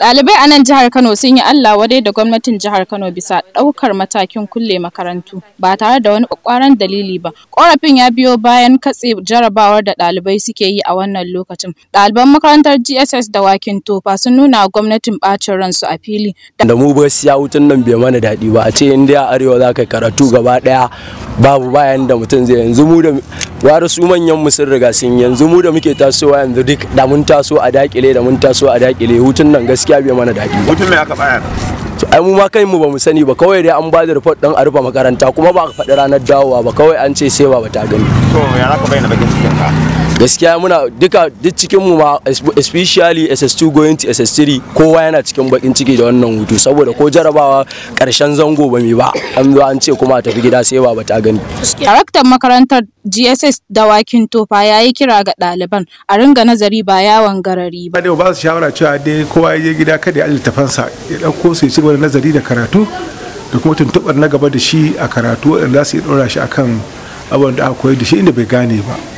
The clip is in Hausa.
Ɗalibai a nan jihar Kano sun yi Allah wadai da gwamnatin jihar Kano bisa ɗaukar matakin kulle makarantu ba tare da wani ƙwaƙwaran dalili ba. Ƙorafin ya biyo bayan katse jarabawar da ɗalibai suke yi a wannan lokacin. Ɗaliban makarantar GSS da Wakin Tofa sun nuna gwamnatin ɓacin ransu a fili. Da mu siya wutan nan bai mana daɗi ba a ce in dai a arewa za ka karatu gaba ɗaya babu bayan da mutum zai yanzu mu da wara su manyan mu sun riga sun yanzu mu da muke tasowa yanzu duk da mun taso a dakile da mun taso a dakile hutun nan gaskiya bai mana daɗi hutun me aka bayar to ai mu ma kai mu bamu sani ba kawai dai an ba da report din a rufe makaranta kuma ba a faɗi ranar dawowa ba kawai an ce sai ba ta gani to ya ka bayyana bakin cikin gaskiya muna duka duk cikin mu ma especially SS2 going to SS3 kowa yana cikin bakin ciki da wannan hutu saboda ko jarabawa karshen zango ba mai ba an zo an ce kuma tafi gida sai ba ta gani daraktan makarantar GSS da wakin tofa ya yi kira ga ɗaliban a ringa nazari ba yawon garari ba. da ba su shawara cewa dai kowa ya je gida kada ya littafansa ya ɗauko su ya ci gaba nazari da karatu da kuma tuntuɓar na gaba da shi a karatu waɗanda za su yi ɗora shi akan abin da aka koyar da shi inda bai gane ba.